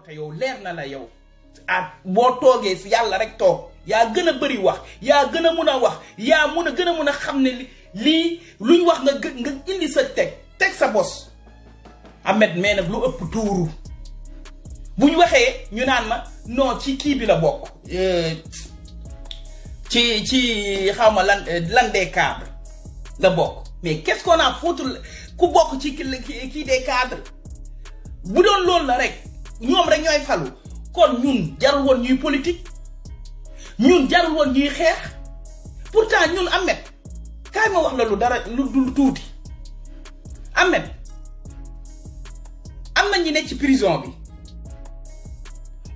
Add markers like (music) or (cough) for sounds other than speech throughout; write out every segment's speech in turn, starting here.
woote yow leer na la yow ah boo toogee si yàlla rek toog yaa gën a bari wax yaa gën a mun a wax yaa mun a gën a mun a xam ne lii luñ wax nga nga indi sa teg teg sa bos Ahmed mais nag lu ëpp tuuru buñ waxee ñu naan ma non ci kii bi la bokk eh, ci ci xaw ma lan eh, lan des cadres la bokk mais qu'est-ce qu'on a foutu ku bokk ci kii des cadres bu doon loolu la rek ñoom rek ñoy falu kon ñun jarul won ñuy politique ñun jarul won ñuy xex pourtant ñun Ahmed kay ma wax la lu dara lu dul tuuti Ahmed amna ñi ne ci prison bi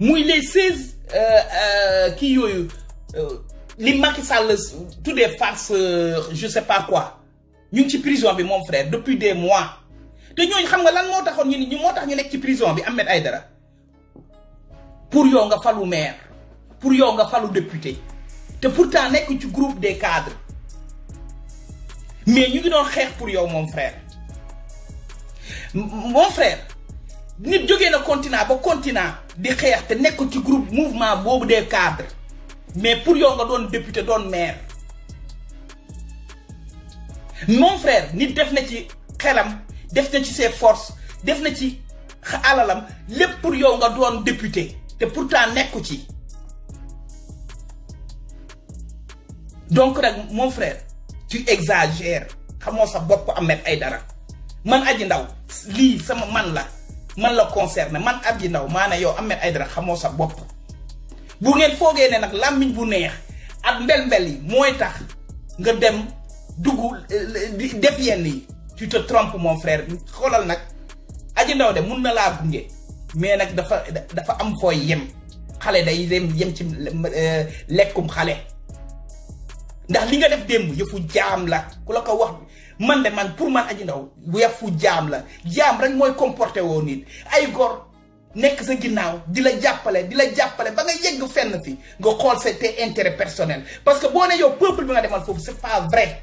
muy les euh, euh ki yoyu euh, li Macky Sall tuddee farce euh, je sais pas quoi ñu ci prison bi mon frère depuis des mois te ñooñu xam nga lan mo taxone ñu ni ñu moo tax ñu nek ci prison bi Ahmed Aïdara pour yo nga falu maire pour yo nga falu député te pourtant nek ci groupe des cadres mais ñu ngi don xeex pour yo mon frère mon frère nit jógee na continent ba continent di xeex te nek ci groupe mouvement bobu des cadres mais pour yo nga don député don maire mon frère nit def na ci xelam def na ci ses forces def na ci alalam lépp pour yo nga don député et pourtant nekku ci donc mon frère tu exagères xamoo sa pour Ahmed Aidara man aji ndaw li sama man la man la concerne. man Man ne yow Ahmed Aidara xamoo sa bopp bu ngeen tu ne nak bu neex ak mbel-mbel yi tax nga dem def tu te trompes mon frère xoolal nak? aji de na mais nak dafa dafa am Il yem a day yem yem ci euh, lekum xale ndax li nga def la ku la wax man de man pour man aji ndaw la rek moy comporté wo nit ay gor nek sa le dila jappalé dila jappalé ba nga yegg fenn fi nga xol intérêt personnel parce que il le peuple bi nga demal fofu c'est pas vrai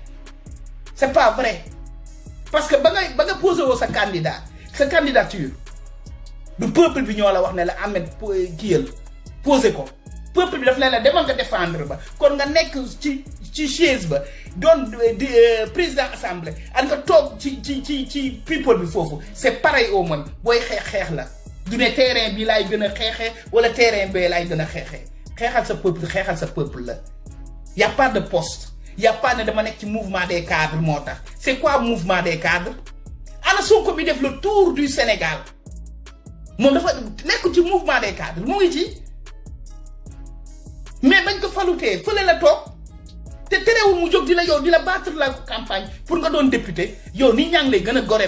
c'est pas vrai parce que ba nga ba nga sa candidat sa candidature le peuple bi ñoo la wax ne la Ahmed kiyal posé ko peuple bi daf leen la demal nga défendre ba kon nga nekk ci ci chaise ba doon euh, euh, président assemblée ak nga toog ci ci ci ci people bi foofu c'est pareil au moins booy xeex xeex la du ne terrain bi lay gën a xeexee wala terrain bee lay gën a xeexee xeexal sa peuple xeexal sa peuple la y a pas de poste y a pas ne dama nekk ci mouvement des cadres moo tax c'est quoi mouvement des cadres ana Sonko bi def le tour du Sénégal moom dafa nekk ci mouvement des cadres mu ngi ci mais bañ ko falutee fële la toog te terewul mu jóg di la yow di la battre la campagne pour nga doon député yow nit ñaa ngi lay gën a gore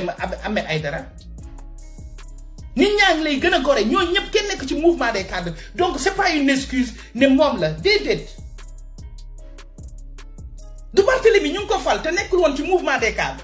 nit lay gën ci mouvement des cadres donc c'est pas une excuse ne moom la déedéet du ñu ko fal ci mouvement des cadres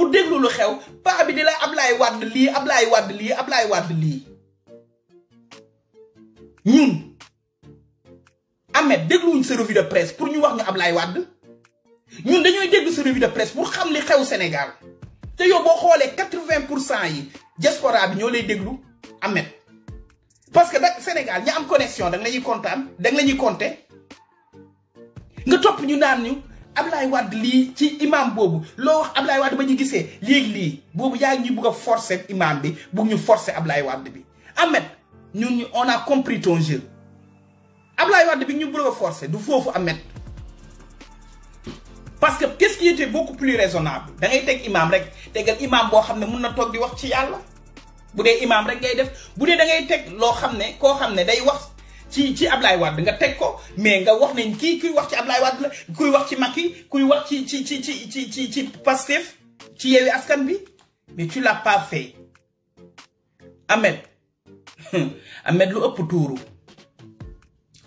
pour déglu lu xew pa bi di la wad li lii wad li lii wad li lii ñun Ahmed dégluwuñ sa revue de presse pour ñu wax nga Ablaye wad ñun dañoy dégg sa revue de presse pour xam li xew Sénégal té yow bo xolé 80% yi diaspora bi ñoo lay déglu amé parce que da Sénégal ñi am connexion da nga la ñuy kontaan da nga la ñuy compter nga top ñu nan ñu. Ablaye Wade li ci imam bobu lo wax Ablaye Wade ba ñu gisee léegi li bobu yaa ñu ñuy forcer imam bi bu ñu forcer Ablaye Wade bi. Ahmed ñun ñu on a compris ton jeu Ablaye Wade bi ñu bugg forcer du fofu Ahmed parce que qu'est-ce qui était beaucoup plus raisonnable da ngay teg imam rek tegal imam bo xam mëna tok di wax ci yàlla bu dee imam rek ngay def bu dee da ngay teg lo xam ko koo day wax. ci ci Ablaye Wade nga teg ko mais nga wax nañ kii kuy wax ci Ablaye Wade la kuy wax ci Macky kuy wax ci ci ci ci ci ci ci Pastef ci Yewwi Askan bi mais ci l'as pas fait amet (laughs) lu ëpp tuuru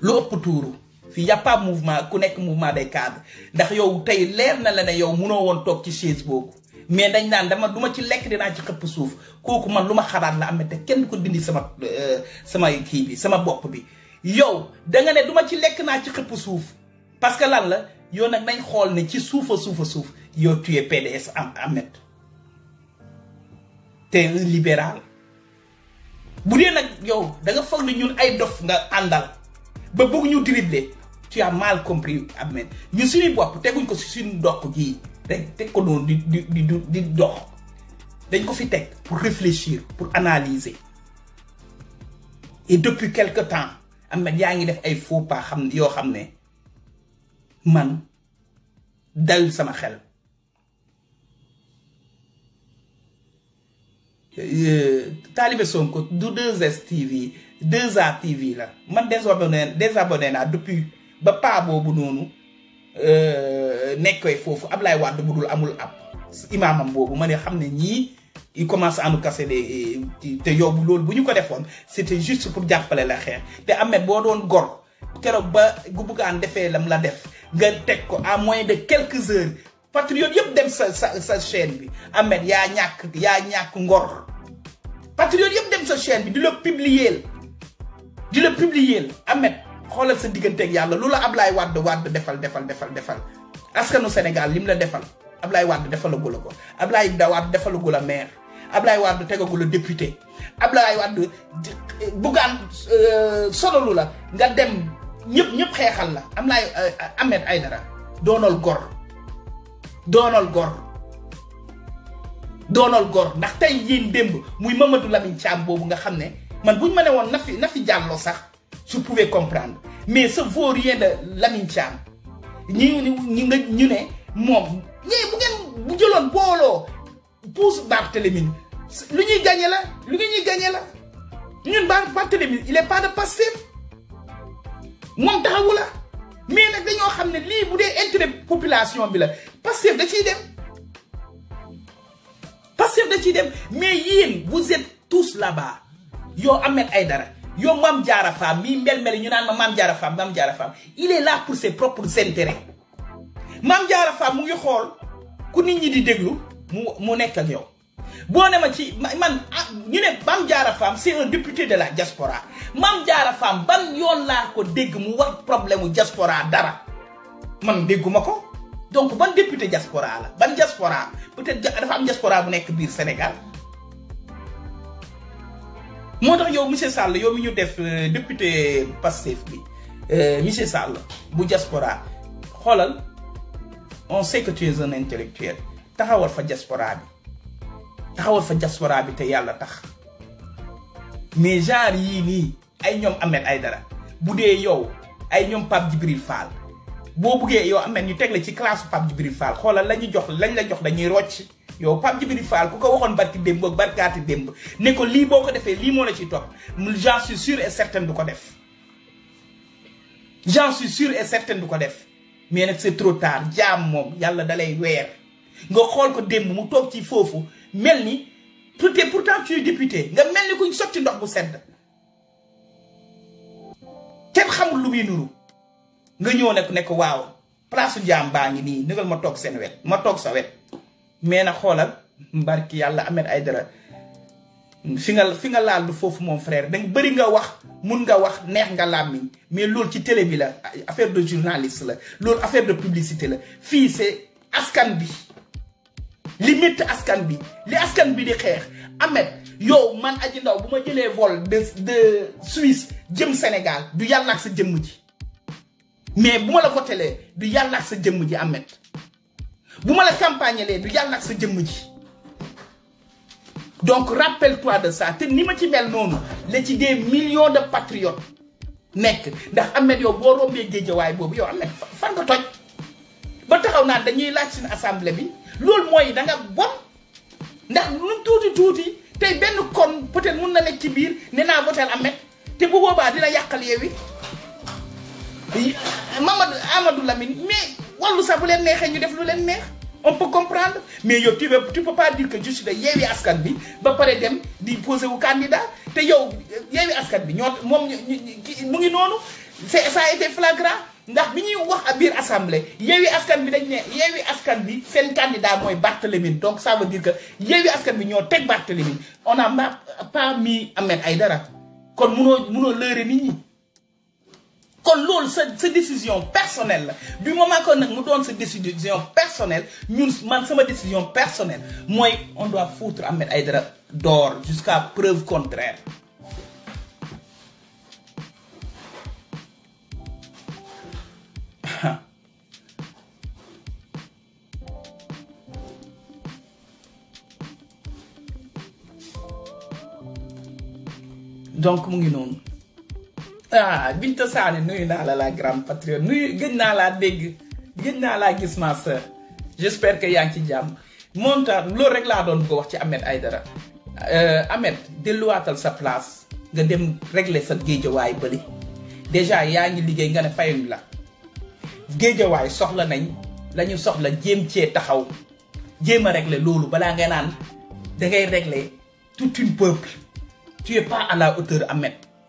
lu ëpp tuuru fii y a pas ku nekk mouvement des cadres ndax yow tey leer na la ne yow munoo woon toog ci chaise boobu mais dañ naan dama duma ci lekk dinaa ci xëpp suuf kooku man lu ma xalaat la am te kenn ko dindi sama euh, sama kii bi sama bopp bi yo da nga ne duma ci lekk na ci xep souf parce que lan la yo nak nañ xol ne ci soufa soufa souf yo tu es PDS am Ahmed t'es un libéral bu dee nag yow da nga foog ne ñun ay dof nga andal ba bëgg ñu dribbler tu as mal compris Ahmed ñu suñu bopp téguñ ko si suñu doq gii rek teg ko non di di di dox dañ ko fi teg pour réfléchir pour analyser et depuis quelque temps am Ahmed yaa ngi def ay faux pas xam yoo xam ne man dal sama xel taalibe Sonko du 2 tv 2A TV la man désabonné désabonné naa depuis ba paa boobu noonu euh, nekkoy foofu Ablaye Wade bu dul amul ab imaamam boobu ma xam ne ñii il commence à nous casser les te yóbbu loolu buñu ko defone c'était juste pour jàppale la xéer té amé bo doon gor kéro ba gu bugan défé lam la def nga teg ko à moins de quelques heures patriote yëpp dem sa sa sa chaîne bi Ahmed yaa ñàkk ya ñak ngor patriote yëpp dem sa chaîne bi di le publier di le publier Ahmed xoolal sa digënté ak yalla la Ablaye défal défal defal defal defal defal askanu Sénégal lim la defal Ablaye Wade defalagu le Wade la maire Ablaye Wade le député Ablaye Wade eh, bougan euh, la nga dem euh, Ahmed Aïdara donol gor donol gor donol gor ndax tay Mamadou Lamine nga man sax je pouvais comprendre mais ce rien de Lamine yéen bu ngeen bu jëloon booloo pousse Barthélémy lu ñuy gagné la lu ngeen ñuy gagné la ñun Barthélémy il est pas de passif moom taxawu la mais nag dañoo xam ne lii bu dee intérêt population bi la passif da ciy dem passif da ciy dem mais yéen vous êtes tous là-bas Yo Ahmed Aïdara yo Mame Diarra Fam mii mbel-mbel ñu naan ma Mame Diarra Fam Mame Diarra il est là pour ses propres intérêts maam jaara faam mu ngi xool ku nit ñi di déglu mu mu nekk yow boo ne ma ci man ah, ñu ne maam jaara faam c'est un député de la diaspora maam jaara faam ban yoon laa ko dégg mu wax problème mu diaspora dara man dégguma ko donc ban député diaspora la ban diaspora peut-être dafa am diaspora bu nekk biir Sénégal moo tax yow monsieur Sall yow mi ñu def euh, député Pastef bi euh, monsieur Sall bu diaspora xoolal on sait que tu es un intellectuel taxawal fa diaspora bi taxawal fa diaspora bi te yalla tax mais genre yi ni ay ñom Ahmed Aïdara dara. dee yow ay ñom pap Jibril Fall Bo buggee yow Ahmed ñu teg la ci classe pap Jibril Fall Xolal lañu jox lañ la jox dañuy rocc yow pap Jibril Fall ku ko waxon barki demb ak barkati demb. Né ko li boko défé li mo la ci top. j'en suis sûr et certain du ko def j'en suis sûr et certain du ko def mais nag c'est trop tard jaam moom yàlla dalay weer nga xool ko démb mu toog ci foofu mel ni te pourtant tu es député nga mel ni kuñ sotti ndox bu sedd kenn xamul lu muy nuru nga ñëw nag ne ko waaw place jaam baa ngi nii nëgal ma toog seen wet ma toog sa wet mais na xoolal mbarki yàlla ay dara fi nga fi nga laal du foofu moom frère da bëri nga wax mun nga wax neex nga làmmiñ mais loolu ci télé bi la affaire de journaliste la loolu affaire de publicité la fii c'est askan bi li métti askan bi li askan bi di xeex Ahmed yow man aji ndaw bu ma jëlee vol de de Suisse jëm Sénégal du yàlla ak sa jëmm ji mais bu ma la votelee du yàlla ak sa jëmm ji Ahmed bu ma la campagnelee du yàlla ak sa jëmm ji donc rappelle-toi de ça te ni ma ci mel noonu la ci des million de patriotes nekk ndax Ahmed yow boo rombee géejawaay boobu yow Ahmed fan nga toj ba taxaw naan dañuy laaj suñu assemblée bi loolu mooy da nga bon ndax lu tuuti tuuti tey benn kon peut-être mun na nekk ci biir nee naa votel Ahmed te bu boobaa dina yàqal yeewi Mamadou Amadou Lamine mais wàllu sax bu leen neexee ñu def lu leen neex. on peut comprendre mais yo, tu ne peux pas dire que je suis de Yévi askan bi ba pare dem di poser wu candidat Et yow yeewi askan bi ça a été flagrant ndax bi ñuy wax a biir assemblée yeewi askan bi dañ askan bi seen candidat mooy Barthélémy donc ça veut dire que yeewi askan bi ñoo teg Barthélémy on n'a pas mis Ahmed Aïdara kon ne peut pas nit ñi. C'est une décision personnelle du moment que nous mu cette décision personnelle nous man cette décision personnelle Moi, on doit foutre Ahmed Aydra d'or jusqu'à preuve contraire (laughs) donc mu ngi ah Binta Sané nuyu naa la la grande patriote nuyu gëj naa laa dégg gëj naa laa gis ma sœur j'espère que yaa ngi ci jàmm moom tax rek la doon ko wax ci Ahmed Aïdara euh, Ahmed delluwaatal sa place nga dem régler sa géejawaay bëri déjà yaa ngi liggéey nga ne fayuñ la géejawaay soxla nañ lañu soxla jéem cee taxaw jéem régler lolu bala ngay nan da ngay régler tout une peuple tu es pas à la hauteur Ahmed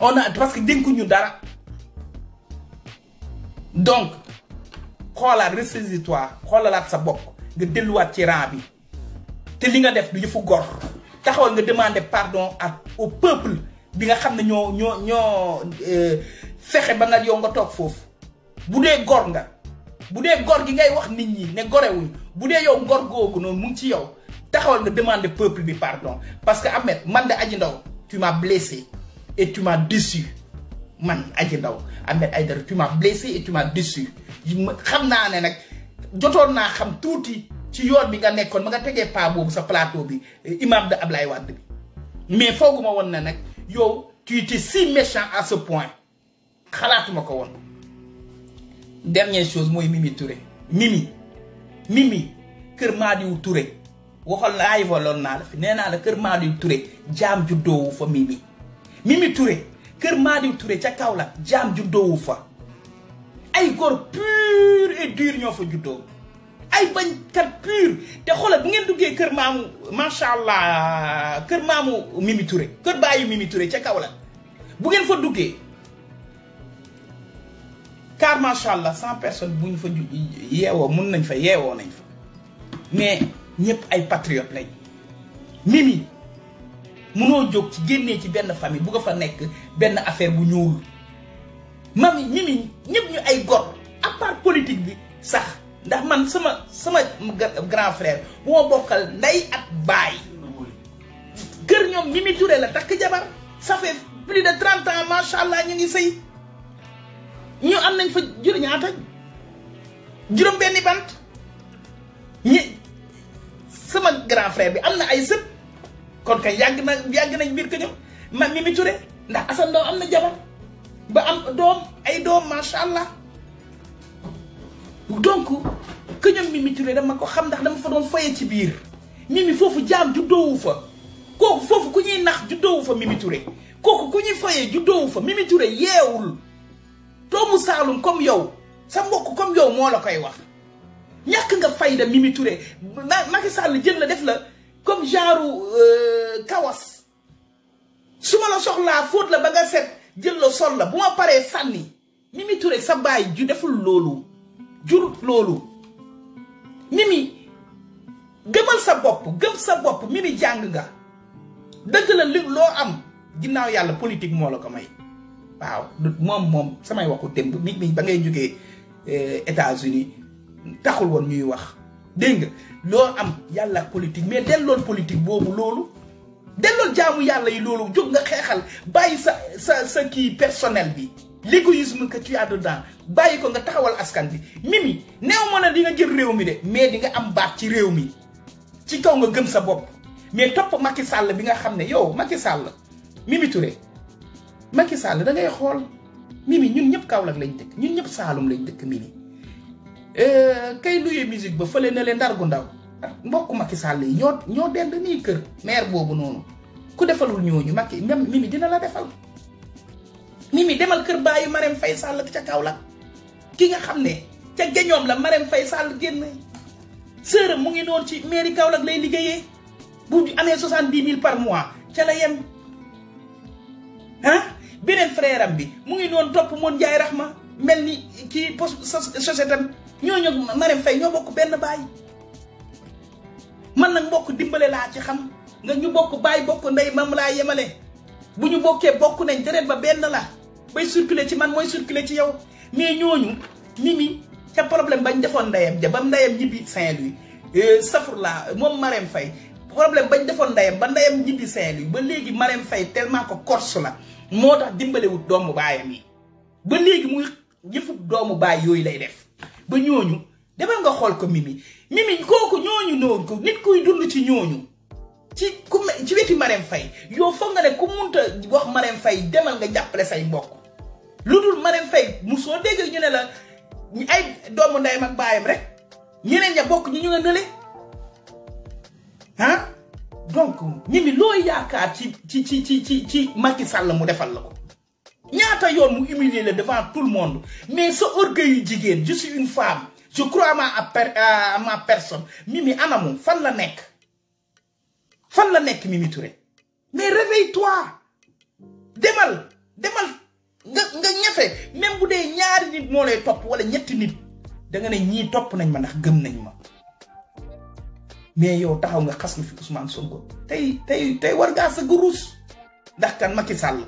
on a parce que dénkuñu dara donc la ressaisis-toi xoolalaat sa la nga un ci de bi te li nga def du yëfu gor taxaw nga demander pardon au peuple bi nga ne ño ño euh, fexé ba nga yow nga gor nga gor gi yow peuple pardon parce que Ahmed man de tu m'as blessé et tu m'as déçu man Adji Ndao Ahmed ay tu m'as blessé et tu m'as xam naa ne nag jotoon naa xam tuuti ci yoon bi nga nekkoon ma nga tegee pas boobu sa plateau bi eh, imam de Ablaye Wade bi mais fooguma woon na nag yow tu étais si méchant à ce point xalaatuma ko woon dernière chose mooy Mimi Touré Mimi Mimi kër Madiou Touré waxoon laay waloon naa la fi nee naa la kër Madiou Touré jaam juddoowu fa Mimi Mimi Touré kër Madiw Touré ca Kaolack jaam juddoowu fa ay góor pur et dur ñoo fa juddoo ay bañkat pur te xoolal bu ngeen duggee kër maamu macha allah kër maamu Mimi Touré kër baayu Mimi Touré ca Kaolack bu ngeen fa duggee car macha allah cent personnes bu ñu fa yeewoo mun nañ fa yeewoo nañ fa mais ñëpp ay patriotes lañ Mimi. munoo jóg ci génnee ci benn famille bu nga fa nekk benn affaire bu ñuul mami ñi mi ñëpp ñu ay gor à part politique bi sax ndax man sama sama grand frère bu ma bokkal ndey ak baay kër ñoom Mimi Touré la takk jabar ça fait plus de trente ans macha allah ñu ngi sëy ñu am nañ fa juróom ñaata juróom benni bant ñi sama grand frère bi am na ay sët kon kay yàgg na yàgg nañ mbir ko ñoom ma Mimi Touré ndax Assane Ndao am na jabar ba am doom ay doom macha allah donc que ñoom Mimi Touré dama ko xam ndax dama fa doon foye ci biir Mimi foofu jaam juddoowu fa kooku foofu ku ñuy nax juddoowu fa Mimi Touré kooku ku ñuy foye juddoowu fa Mimi Touré yeewul doomu Saalum comme yow sa mbokk comme yow moo la koy wax ñàkk nga fay fayda Mimi Touré Macky Sall jël la def la comme genre euh, kawas su ma la soxlaa fóot la ba nga set jël la sol la bu ma paree sànni Mimi Touré sa baay ju deful loolu jurut loolu Mimi gëmal sa bopp gëm sa bopp Mimi jàng nga dëgg la li loo am ginnaaw yàlla politique moo la ko may waaw moom moom samay waxu démb mi mi ba ngay jógee euh, États-Unis taxul woon muy wax dégg nga loo am yàlla ak politique mais dellool politique boobu loolu dellool jaamu yàlla yi loolu jóg nga xeexal bàyyi sa sa sa kii personnel bi l'égoïsme que tu as dedans bàyyi ko nga taxawal askan bi Mimi néew ma ne di nga jël réew mi de mais di nga am baat ci réew mi ci kaw nga gën sa bopp mais topp Macky Sall bi nga xam ne yow Macky Sall Mimi Touré Macky Sall da ngay xool Mimi ñun ñëpp Kaolack lañ dëkk ñun ñëpp Saalum lañ dëkk Mimi Euh, kay luye musique ba fële na leen ndar gu ndaw mbokk Macky Sall yi ñoo ñoo dend nii kër maire boobu noonu ku defalul ñooñu Macky même Mimi dina la defal Mimi demal kër bàyyi Marème Faye Sall ca Kaolack ki nga xam ne ca geñoom la Marème Faye Sall génn sërëm mu ngi noonu ci mairie Kaolack lay liggéeyee bu amee soixante-dix mille par mois ca la yem ah beneen frère bi mu ngi noonu topp moon jaay raxma mel ni kii post société am ñooñu ak Marème Faye ñoo bokk benn baay man nag mbokk dimbale laa ci xam nga ñu bokk baay bokk ndey mam laa yemale bu ñu bokkee bokk nañ deret ba benn la bay circuler ci man mooy circuler ci yow mais ñooñu Mimi ca problème bañ defoon ndeyam ja ba ndeyam ñibbi Saint-Louis euh, safurlaa moom Marème Faye problème bañ defoon ndeyam ba ndeyam ñibbi Saint-Louis ba léegi Marème fay tellement ko corse la moo tax dimbalewut doomu baayam yi ba léegi muy jëfu doomu baay yooyu lay def ba ñooñu demal nga xool ko mimi mimi kooku ñooñu noonu ko nit kuy dund ci ñooñu ci ku ci weti Marème Faye yow foog nga ne ku munta wax Marème fay demal nga jàppale say mbokk lu dul Marème Faye mu soo dégg ñu ne la ay doomu ndeyam ak baayam rek ñeneen ña bokk ñu ñu nga nële ah donc mimi loo yaakaar ci ci ci ci ci ci Macky Sall mu defal la ko ñaata yon mou humilier le devant tout le monde mais ce orgueil yu je suis une femme je crois à ma à ma personne Mimi ana moom fan la nek. fan la nek, Mimi Touré mais réveille-toi demal demal nga nga fait, même bu dee ñaari nit mo lay top wala ñetti nit da nga né ñi top nañ ma ndax gëm nañ ma mais yow taxaw nga xass na fi Ousmane Sonko tay tay tay war ngaa sa guruus ndax kan Macky Sall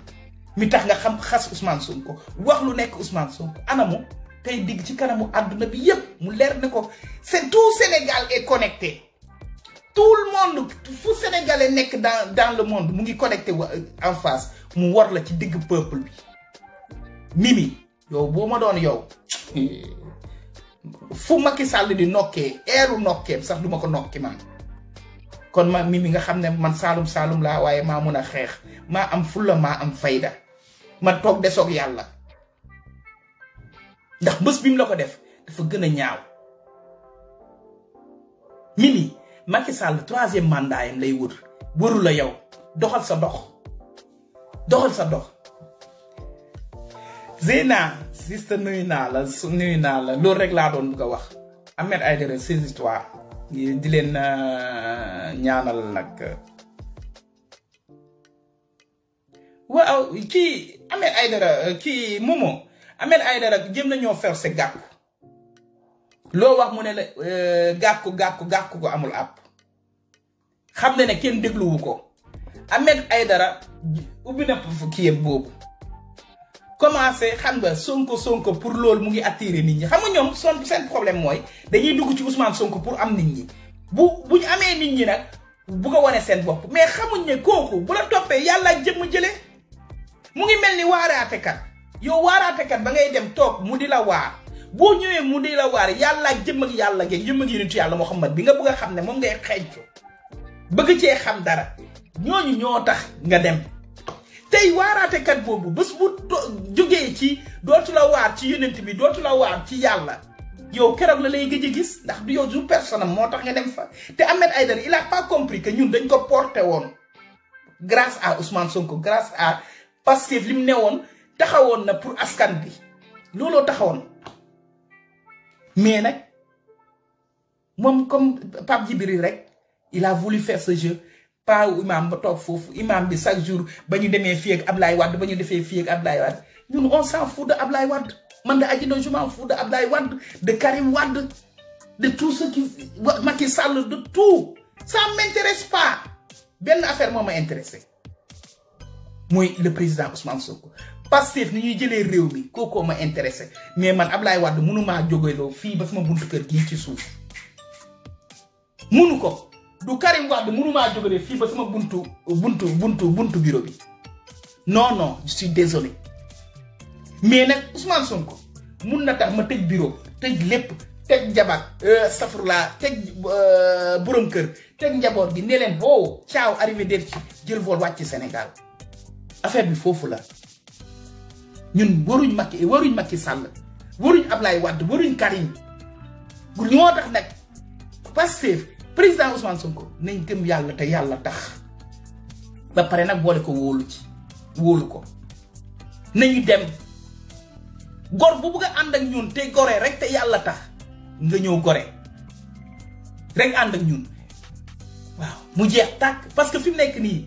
mi tax nga xam xas Ousmane Sonko wax lu nekk Ousmane Sonko anamu tay dig ci kanamu aduna bi yeb mu leer ne ko c'est tout Sénégal est connecté tout le monde fu sénégalais nekk dans dans le monde mu ngi connecté euh, en face mu wor la ci dig peuple bi mimi yo bo ma doon yow eh, fu Macky Sall di nokkee eeru nokkeem sax duma ko nokki man kon ma mimi nga xamne ne man salum salum la waye ma muna xex ma am fulla ma am fayda man toog desoog yàlla ndax bés bi mu la ko def dafa gën a ñaaw mimi Macky Sall troisième mandat yam lay wër wëru la yow doxal sa dox doxal sa dox Zeyna sista nuyu naa la nuyu naa la loolu rek laa doon bëgg a wax Ahmed Aïdara ses histoires di leen euh, ñaanal nag waaw kii ay dara kii Momo Ahmed Aïdara jëm nañoo forcé gàkku loo wax mu ne la euh, gàkku gàkku gàkku ko amul àpp xam na ne kenn dégluwu ko ay dara ubbi na kii yëpp boobu commencé xam nga Sonko Sonko pour loolu mu ngi attirer nit ñi xam nga ñoom son seen problème mooy dañuy dugg ci Ousmane Sonko pour am nit ñi bu bu ñu amee nit ñi nag bu ko wanee seen bopp mais xamuñ ne kooku bu la toppee yàlla jëmm jëlee. mu ngi warate kat yo warate kat ba ngay dem tok mu di la war boo ñewé mu di la war yalla ak ak yalla ge yëm ak yonentu yalla Muhammad bi nga bëgg a mom ngay xéñtu bëgg ci xam dara ñoñu ño tax nga dem warate kat bobu bës bu joggé ci dootu la war ci yonent bi dootu la war ci yalla yow keroog la lay gëj gis ndax du yow du personne mo tax nga dem fa te Ahmed Aïdara il a pas compris que ñun dañ ko porté won grâce à Ousmane Sonko grâce à Parce li mu ne woon na pour askan bi lolo taxawone mais nak mom comme Pape jibril rek il a voulu faire ce jeu pas imam ba toog fofu imam bi chaque jour bañu démé fi ak Ablaye wad bañu défé fi ak Ablaye wad ñun on s'en fout de Ablaye wad man de Adji je m'en fous de Ablaye wad de Karim wad de tout ce qui Macky Sall de tout ça m'intéresse pas Ben affaire moo ma intéressé moy le président Ousmane Sonko Pastef ni ñuy jëlé réew mi kookoo ma intéressé mais man Ablaye Wade joggé lo fi ba sama buntu kër gi ci suuf mënu ko du Karim Wade mënumaa joggé fi ba sama buntu buntu buntu buntu bureau bi non non je suis désolé mais nak Ousmane Sonko mun na tax ma tej bureau tej lépp tej jabar euh teg euh, borom kër teg njaboot gi ne leen oh caaw arrivé der ci jël vol wàcc Sénégal affaire bi fofu la ñun waruñ makki waruñ makki Sall waruñ ablay wad waruñ Karim gu ñoo tax nag Pastef président Ousmane Sonko nañ gëm yalla te yalla tax ba paré nak bolé ko wolu ci wolu ko nañu dem gor bu bëgg and ak ñun te gore rek té yalla tax nga ñëw gore rek and ak ñun waaw mu jeex tak parce que fim nek ni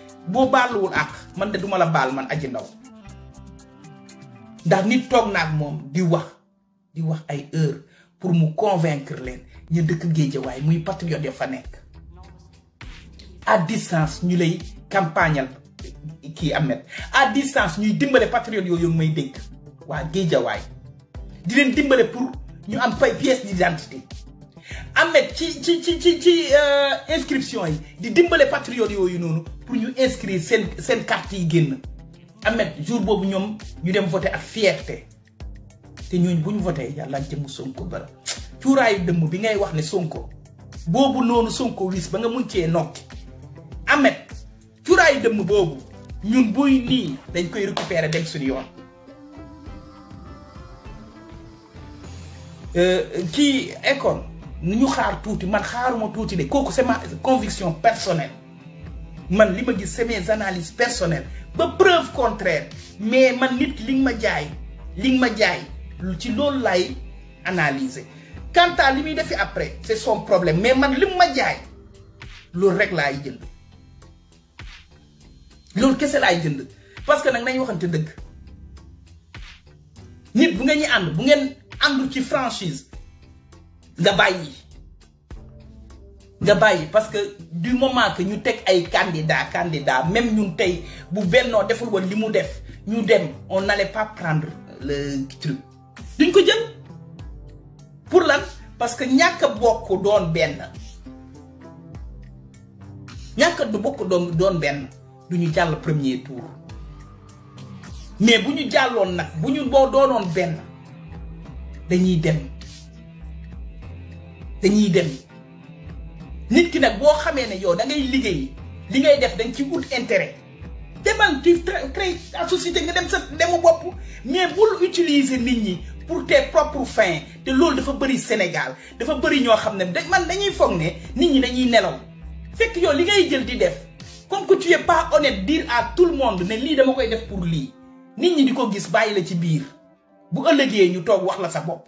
boo baaluwul àq man de duma la baal man aji ndaw ndax nit toog naag moom di wax di wax ay heure pour mu convaincre leen ñu dëkk géejawaay muy patriote yoo fa nekk à distance ñu lay campagnal kii Ahmed à distance ñuy dimbale patriote yooyu may dégg waa géejawaay di leen dimbale pour ñu am fay pièce d'identité Ahmed ci ci ci ci ci euh, inscription yi di dimbale patriotes yooyu noonu pour ñu inscrire seen seen carte yi génn Ahmed jour boobu ñoom ñu dem voté ak fierté te ñooñu bu ñu voté yàlla jëmm Sonko bara cuuraayu dëmm bi ngay wax ne Sonko boobu noonu Sonko wis ba nga mun cee nokki Ahmed cuuraayu dëmm boobu ñun buy nii dañ koy récupérer dem suñu yoon. Euh, kii ni xaar tuuti man xaaruma tuuti de c'est ma conviction personnelle man li ma gis c'est mes analyses personnelles ba preuve contraire mais man nit ki li ma jaay li ma jaay ci loolu lay analyser quant à limi muy après c'est son problème mais man lim ma jaay loolu rek lay jënd loolu kese lay jënd parce que nak nañ waxante deug nit bu ngeen ñi and bu ngeen and ci franchise parce que du moment que nous sommes ay candidat candidat même nous nous bu des deful nous nous on n'allait pas prendre le truc duñ ko pour lan parce que ñàkk a bokk doon ben. ñàkk Nous bokk doon ben, nous nous le premier tour mais nous nous nous nous nous nous dañuy dem nit ki nag boo xamee ne yow da ngay liggéey li ngay def dañ ci ut intérêt demal tu crée ta société nga dem sa demu bopp mais bul utiliser nit ñi pour tes propres fins te loolu dafa bëri Sénégal dafa bëri ñoo xam ne dañ man dañuy foog ne nit ñi dañuy nelaw fekk yow li ngay jël di def comme que tu es pas honnête dire à tout le monde ne lii dama koy def pour lii nit ñi di ko gis bàyyi la ci biir bu ëllëgee ñu toog wax la sa bopp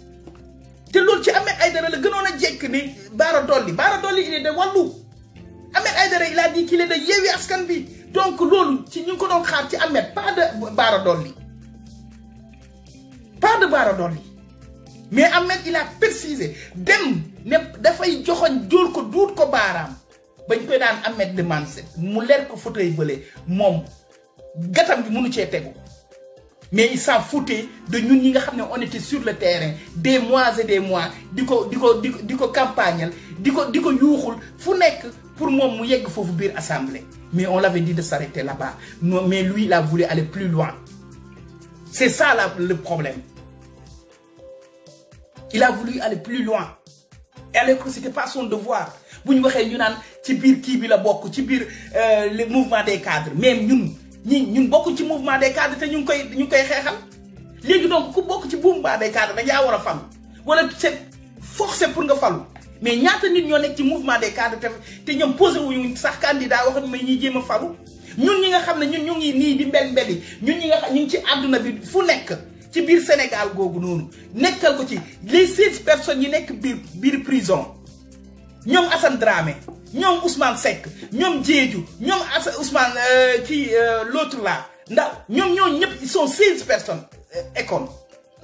Et c'est ci Ahmed Aïdara la gënoon a jekk ni Baara Dolli Baara Dolli il est de wàllu Ahmed Aïdara il a dit qu'il est de Yewi askan donc loolu ci ñu ngi ko doon xaar ci Ahmed pas de Baara pas de Baara mais Ahmed il a précisé, dem ne dafay de jóor ko duut ko baaraam bañ koy daan Ahmed de Manset mu leer ko fauteuil bële moom gatam bi mënu cee tegu mais il s'en foutaient de nous, on était sur le terrain des mois et des mois du coup, du coup, du coup, pour moi, mu yegg assemblée mais on l'avait dit de s'arrêter là-bas mais lui il a voulu aller plus loin c'est ça le problème il a voulu aller plus loin alors que c'était pas son devoir bu nous dit ñu naan ci biir la euh, le mouvement des cadres même nous, ñi ñun bokk ci mouvement des cadres te ñu ngi koy ñu koy xeexal léegi donc ku bokk ci mouvement des cadres da ngaa war a falu wala c'est forcé pour nga falu mais ñaata nit ñoo nekk ci mouvement de cadres te te ñoom posé wuñu sax candidat waxuñu ma ñuy jéem a falu ñun ñi nga xam ne ñun ñu ngi nii di mbel mbel yi ñun ñi nga xam ñu ci àdduna bi fu nekk ci biir Sénégal googu noonu nekkal ko ci les seize personnes ñi nekk biir biir prison. ñom Assane Dramé ñom Ousmane Seck ñom djéju ñom Assane Ousmane euh, kii euh, l'autre là ndax ñom ñooñu ñep ils sont six personnes euh, école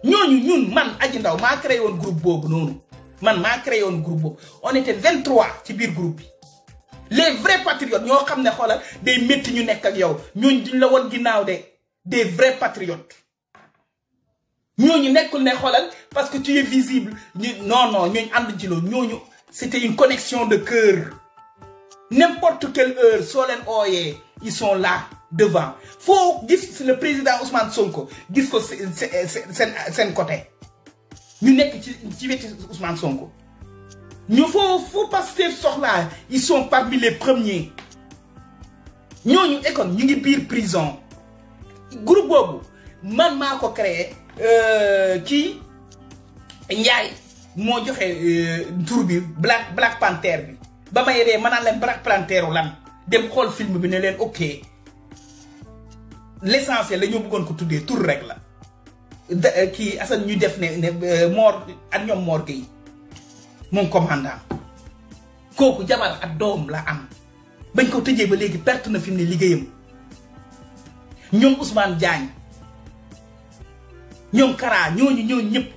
ñooñu ñun man aji ndaw maa créé woon groupe bobu noonu man maa créé woon groupe on était 23 ci biir groupe bi les vrais patriotes ñoo xamné xolal xoolal day métti ñu nek ak yow ñooñu duñ la won ginnaaw dé des vrais patriotes ñooñu nekul né xolal parce que tu es visible non non ñooñu and ci loolu ñooñu c'était une connexion de cœur. N'importe quelle heure, Oye, ils sont là, devant. Faut que le président Ousmane Sonko, dise que c'est un côté. Nous sommes Ousmane Sonko. Nous faut, faut passer sur là, ils sont parmi les premiers. Nous sommes en prison. Le groupe Bobo, man m'a créé, qui, euh, Ndiaye, moo joxe euh, tur bi Black Black Panther bi ba may ree ma naan leen Black Panther lan dem xool film bi ne leen ok l'essentiel la ñoo bëggoon ko tuddee tur rek la da euh, kii Assane ñu def ne ne euh, Mor ak ñoom Mor Gueye moom commandant kooku jabar ak doom la am bañ ko tëjee ba léegi perte na fi ne liggéeyam ñoom Ousmane Diagne ñoom Kara ñooñu ñooñu ñëpp.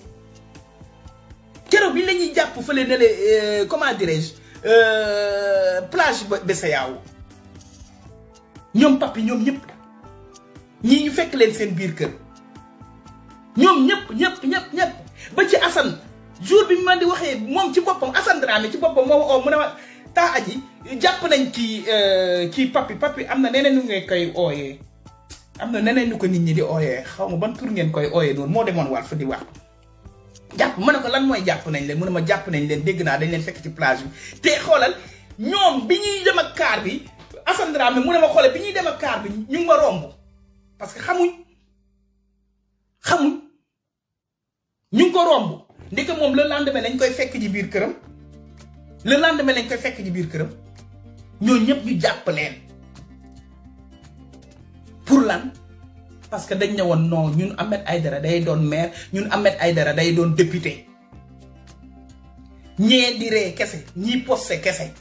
kéro bi lañuy japp feulé jàpp fële euh, comment dirais-je euh, plage Bessayaaw ñom papi ñom ñep ñi ñu fekk leen seen biir kër ñom ñep ñep ñep ñep ba ci asan jour bi man di waxé mom ci boppam Assane Dramé ci bopam mo o mëna ta aji japp nañ euh ki papi papi amna na neneen ñu ngay koy oyé amna na neneen ñu ko nit ñi di oyé xaw ban tour ngeen koy oyé non mo demoon wal fa di wax jàpp ma ne ko lan mooy jàpp nañ leen mu ne ma jàpp nañ leen dégg naa dañ leen fekk ci plage bi te xoolal ñoom bi ñuy dem ak kaar bi Assane Dramé mu a ma xoolal bi ñuy dem a kaar bi ñu ngi ma romb parce que xamuñ xamuñ ñu ngi ko romb ndeke moom la lendemain lañ koy fekk ji biir këram le lendemain lañ koy fekk ji biir këram ñoo ñëpp ñu jàpp leen pour lan parce que dañ ne woon non ñun ay dara day doon maire ñun ay dara day doon député ñee di ree kese ñii posté kese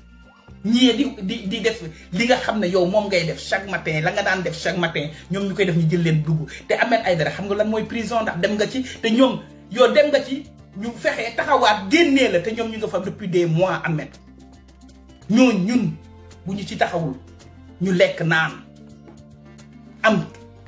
ñii di di def li nga xam ne yow moom ngay def chaque matin la nga daan def chaque matin ñoom ñu koy def ñu jël leen dugg te ay Aïdara xam nga lan mooy prison ndax dem nga ci te ñoom yow dem nga ci ñu fexe taxawaat génnee la te ñoom ñu nga fa depuis des mois Ahmed ñoo ñun bu ñu ci taxawul ñu lekk naan am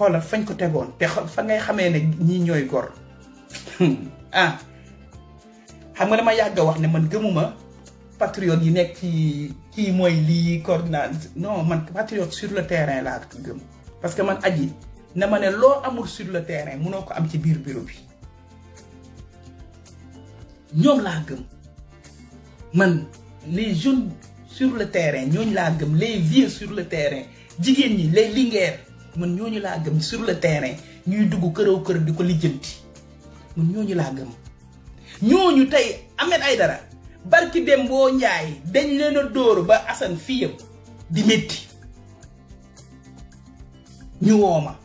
xoolal fañ ko tegoon te fa ngay xamee ne ñii ñooy gor hmm. ah xam nga dama yàgg wax ne man gëmuma patriote yi nekk ci kii mooy lii coordinate no man patriote sur le terrain laa gëm parce que man aji na ma ne loo amul sur le terrain munoo ko am ci biir bureau bi ñoom laa gëm man les jeunes sur le terrain ñooñu laa gëm les vieux sur le terrain jigéen ñi les linguères man ñooñu laa gëm sur le terrain ñuy dugg këraw kër di ko lijjanti man ñooñu laa gëm ñooñu tey Ahmed Aïdara barki dem boo njaay dañ leen a dóor ba Assane fii yëpp di métti ñu woo ma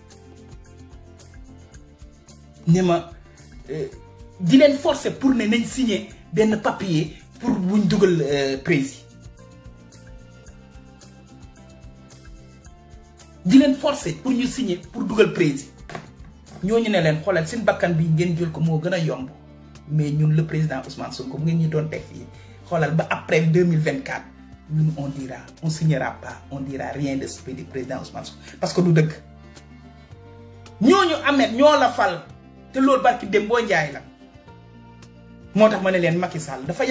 ne ma euh, di leen forcer pour ne nañ signer benn papier pour buñ dugal euh, prési di len forcer pour nous signer pour le président Nous ne len xolal seen bakkan bi ngeen jël ko mo yomb mais ñun le président Ousmane Sonko après 2024 on dira on signera pas on dira rien de ce le président Ousmane parce que du dëgg ñooñu amet ñoo la fal te lool barki dem bo la motax mané ma Macky Sall dafa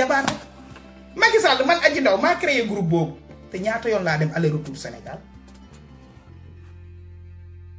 man aji ndaw ma créé groupe te ñaata yon la dem aller retour Sénégal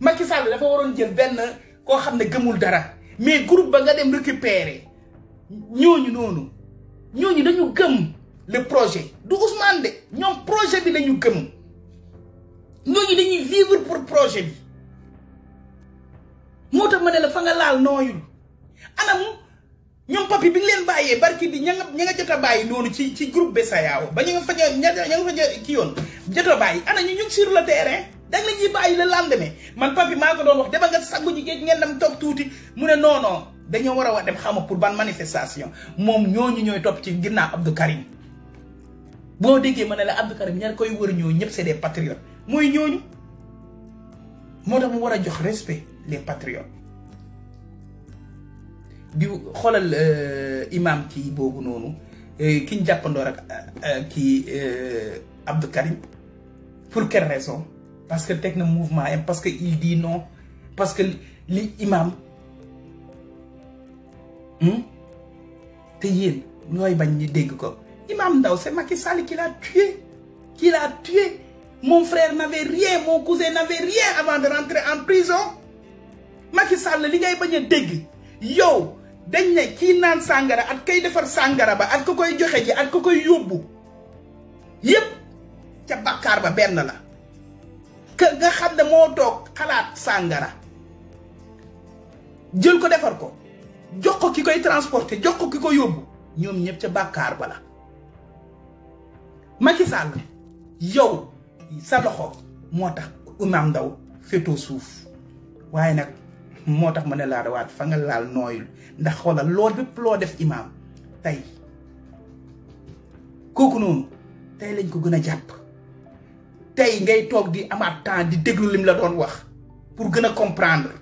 Macky Sall dafa waroon jël benn koo xam ne gëmul dara mais groupe ba nga dem récupérer ñooñu noonu ñooñu dañu gëm le projet du Ousmane de ñoom projet bi dañu gëm ñooñu dañuy vivre pour projet bi moo tax ma ne la fa nga laal nooyul anam ñoom papi bi nga leen bàyyee barki di ña nga ña nga jot a bàyyi noonu ci ci sa Bessayaawo ba ñu nga fa ña nga fa ki yoon jot a bàyyi ana ñu ñu ngi sur le terrain. da nga la ñuy bàyyi la lendemain man papi maa nga doon wax dama nga sangu ji géej ngeen dem toog tuuti mu ne non non dañoo war a wax dem xama pour ban manifestation moom ñooñu ñooy topp ci ginnaaw Abdou Karim boo déggee ma ne la Abdou Karim ñaar koy wër ñooñu ñëpp c'est des patriotes mooy ñooñu moo war a jox respect les patriotes di xoolal euh, imam kii boobu noonu euh, ki ñu jàppandoo rek euh, kii Abdou Karim pour quelle parce que le mouvement parce que il dit non parce que l'imam... imam hmm? te c'est Macky qui l'a tué qui l'a tué mon frère n'avait rien mon cousin n'avait rien avant de rentrer en prison Macky Sall li Yo, bañ a dégg yow dañ ne ba a que nga xam ne moo toog xalaat sàngara jël ko defar ko jox ko ki koy transporter jox ko ki ko yóbbu ñoom ñëpp ca bàkkaar bala Macky Sall yow sa loxo moo tax Oumar ndaw féetoo suuf waaye nag moo tax ma ne laa dawaat fa nga laal nooyul ndax xoolal loo bépp loo def imaam tey kooku noonu tey lañ ko gën a jàpp tey ngay toog di amaat temps di déglu lim la doon wax pour gën a comprendre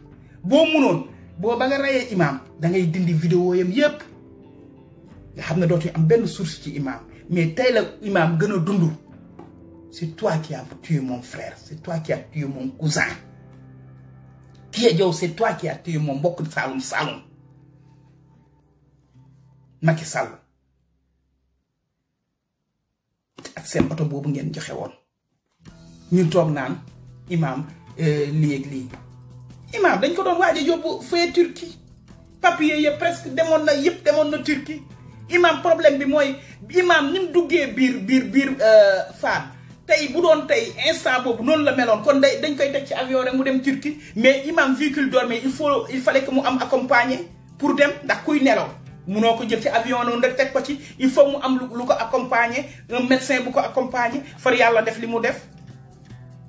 boo munoon boo ba nga reyee imaam da ngay dindi vidéo yam yépp nga xam ne dootu am benn source ci imaam mais tey la imaam gën a dund c'est toi qui as tué mon frère c'est toi qui as tué mon cousin kii yow c'est toi qui as tué mon mbokk Saalum Saalum Macky Sall ak seen oto boobu ngeen joxe woon nous sommes imam Imam lii ak lii imaam dañ ko doon waaj a fe Turquie papier ya presque demone na yëpp demone na Turquie Imam problème bi moy Imam nim mu bir bir bir euh Fann tay bu doon tey instant bobu non la meloon kon day dañ koy tek ci avion rek mu dem Turquie mais imam véhicule dormait, il faut il fallait que mu am accompagner pour dem ndax kuy nelaw munoo ko jël ci avion noonu rek tek ko ci il faut mu am lu ko accompagner un médecin bu ko accompagner far yalla def li mu def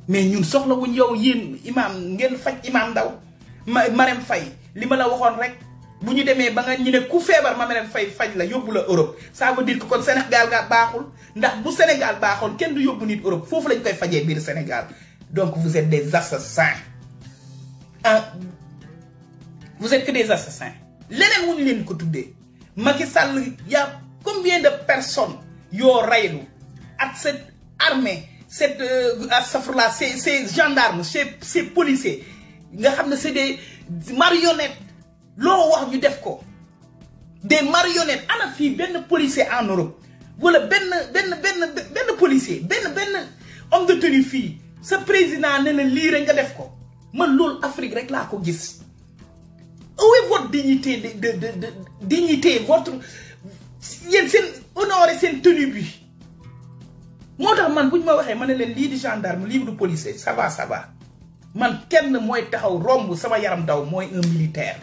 mais ñun wuñ yow yeen imam ngeen faj imam daw ma fay Faye li ma la waxon rek bu ñu demee ba nga ñu ne ku fébar ma Marème fay faj la yóbbu la Europe ça veut dire que kon Sénégal ga baxul ndax bu Sénégal baxon kenn du yobbu nit Europe fofu lañ koy fajé biir Sénégal donc vous êtes des assassins ah vous êtes que des assassins lénen wuñ leen ko tuddé Macky Sall y a combien de personnes yoo raylu at cette armée cette euh, là ces ces gendarmes ces ces policiers nga xam c'est des marionnettes loo wax ñu def ko des marionnettes ana fii un policier en Europe wala ben, ben, ben, ben policier ben, ben, homme de tenue fille ce président ne la lii rek nga def ko man loolu Afrique rek laa ko où est votre dignité de de de dignité votre yéen seen honorer seen tenue bi motax man buñ ñu ma waxee ma ne leen di gendarme li di police ça va ça va man kenn moy taxaw romb sama yaram daw moy un militaire.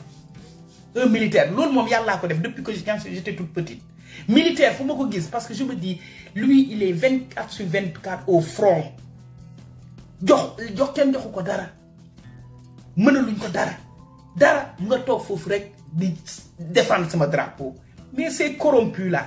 un militaire lool mom yalla ko def depuis que j'étais toute petite militaire fuma ko gis parce que je me dis lui il est 24 sur 24 au front jox jox kenn joxuko ko dara mënaluñ ko dara dara nga tok fofu rek di défendre sama drapeau mais c'est corrompu là.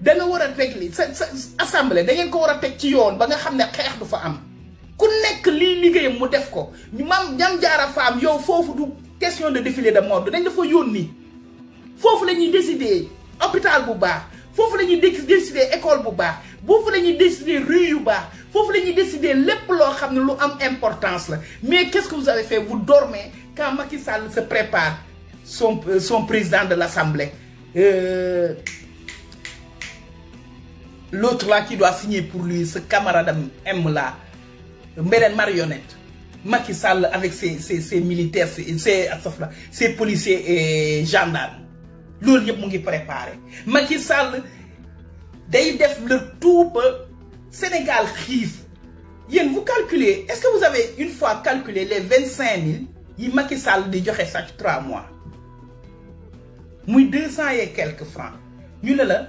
dana war a régler sa sa assemblée da ngeen ko wara tek ci yoon ba nga xamne xex du fa am ku nek li liggéeyam mu def ko maam ñam jaara fam yow fofu du question de défilé de mort dañ dafa yónni foofu la ñuy décider hôpital bu baax fofu lañuy décider école bu baax fofu lañuy décider rue yu baax fofu lañuy décider lepp lo xamne lu am importance la mais qu'est-ce que vous avez fait vous dormez quand Macky Sall se prépare son euh, son président de l'Assemblée. Euh, l'autre là qui doit signer pour lui, ce camarade M là, Mélène marionnette, Macky Sall avec ses, ses, militaires, ses, policiers et gendarmes. L'autre qui préparé. Macky Sall, d'ailleurs, def le tout Sénégal rive. Vous calculez, est-ce que vous avez une fois calculé les 25 000 il Macky Sall di joxe chaque 3 mois muy 200 et quelques francs ñu là.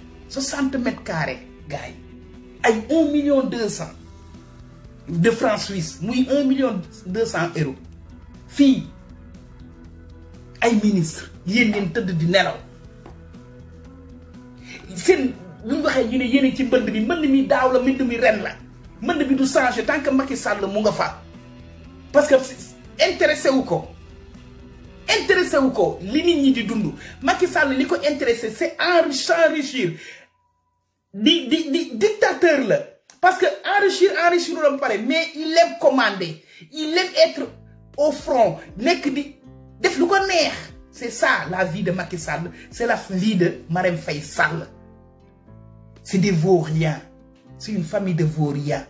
soixante mètres carrés gars yi ay un million deux cent de francs suisse muy un million deux cent euros fii ay ministre yéen ngeen tëdd di nelaw seen lu ñu waxee ne yéen ci mbënd mi mbënd mi daaw la mbënd mi ren la mbënd bi du changé tant que Macky Sall mu nga fa parce que intéressé wu ko intéressé wu ko li nit ñi di dund Macky Sall li ko intéressé c'est enrichir di dictateur parce que enrichir enrichir lu la parler mais il aime commander il aime être au front nek di def lu ko c'est ça la vie de Macky Sall c'est la vie de Maren Faye Sall c'est des vauriens c'est une famille de vauriens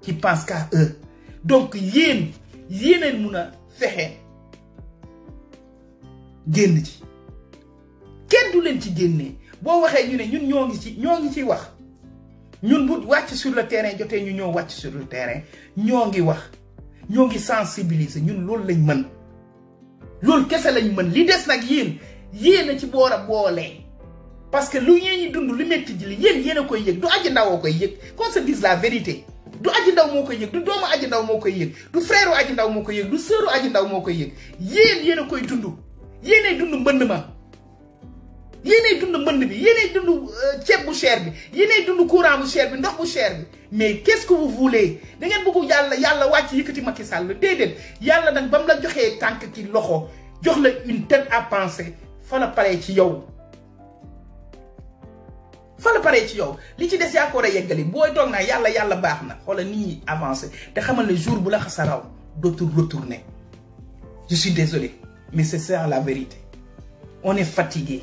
qui pensent qu'à eux donc yéen yéeneen mun fexé genn génn ci kenn du leen ci genné bo waxé ñu né ñun ñongi ci ñongi ci wax ñun bu wacc sur le terrain jotee ñu ñoo wacc sur le terrain ñongi wax ñongi sensibiliser ñun loolu lañ mën loolu kessé lañ mën li dess nak yeen yéen ci boor a parce que lu ñi dund lu metti ji li yéen yéen koy yëg du aji ndaw koy yek qu'on se dise la vérité du aji ndaw moo koy yëg du doomu aji ndaw moo koy yëg du frère aji ndaw moo koy yëg du sœuru aji ndaw moo koy yëg yéen yéen koy dund yéenay dund mbënd ma yéenay dund mbënd bi yéenay dund euh, ceeb bu cher bi yéenay dund courant bu cher bi ndox bu cher bi mais qu'est-ce que vous voulez da ngeen bëgg yàlla yàlla wàcc yëkkati Macky Sall déedéet yàlla nag ba mu la joxee tànk ki loxo jox la une tête à penser fa la paree ci yow. fa la paree ci yow li ci des yaa ko war a yeggali booy toog naa yàlla yàlla baax na xoola nit ñi avancé te xamal ne jour bu la xas a raw dootul retourner je suis désolé mais c'est ça la vérité on est fatigué.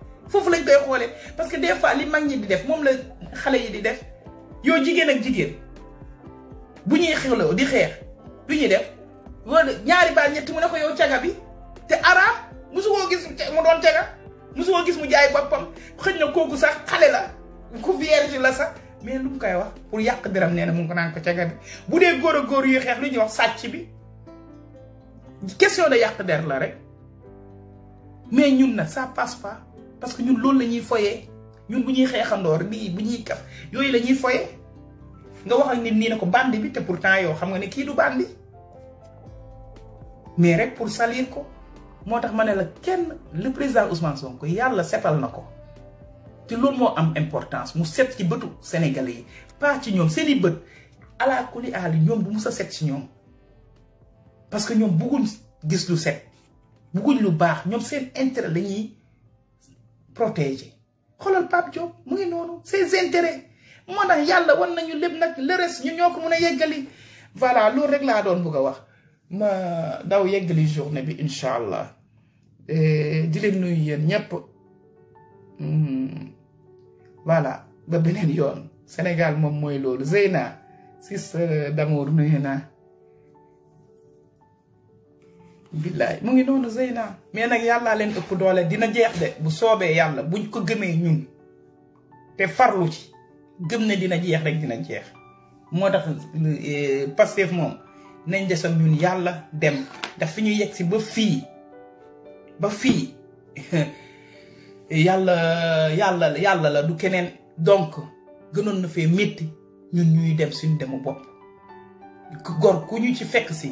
foofu lañ koy xoolee parce que des fois li mag ñi di def moom la xale yi di def yow jigéen ak jigéen bu ñuy xewloo di xeex lu ñuy def ñaari baal ñett mu ne ko yow caga bi te araam musu koo gis mu doon caga musu koo gis mu jaay boppam xëj na kooku sax xale la ku vierge la sax mais lu mu koy wax pour yàq deram nee na mu ngi ko naan ko caga bi bu dee góor a góor yuy xeex lu ñuy wax sàcc bi question de yàq der la rek mais ñun nag ça passe pas parce que ñun loolu la ñuy foyee ñun bu ñuy xeexandoor bi bu ñuy kaf yooyu la ñuy foyee nga wax ak nit nii bandi bi pourtant yow xam nga ne du bandi mais rek pour salir ko moo ma la kenn le président Ousmane Sonko yàlla setal na ko loolu moo am importance nous sommes ci bëtu Sénégalais pas ci ñoom ala kuli ali ñoom bu ci ñoom parce que ñoom bëgguñ gis lu set bugguñ lu baax ñoom intérêt protéger xoolal Pape Diop mu ngi noonu ses intérêts moo tax yàlla wan nañu lépp nag le reste ñu ñoo ko mën a yeggali voilà loolu rek laa doon bëgg a wax ma daw yeggali journée bi incha allah eh, di nuyu yéen ñëpp hmm. voilà ba beneen yoon Sénégal moom mooy loolu Zeyna sis d'amour nuyu naa billaay mu ngi noonu Zeyna mais nag yàllaa leen ëpp doole dina jeex de bu soobee yàlla bu buñ ko gëmee ñun te farlu ci gëm ne dina jeex rek dina jeex moo tax euh, Pastef moom nañ des ak ñun yàlla dem daf fi ñu yegg si ba fii ba fii (laughs) yàlla yàlla yàlla la du keneen donc gënoon na fee métti ñun ñuy dem suñu demu bopp gor ku ñu ci fekk si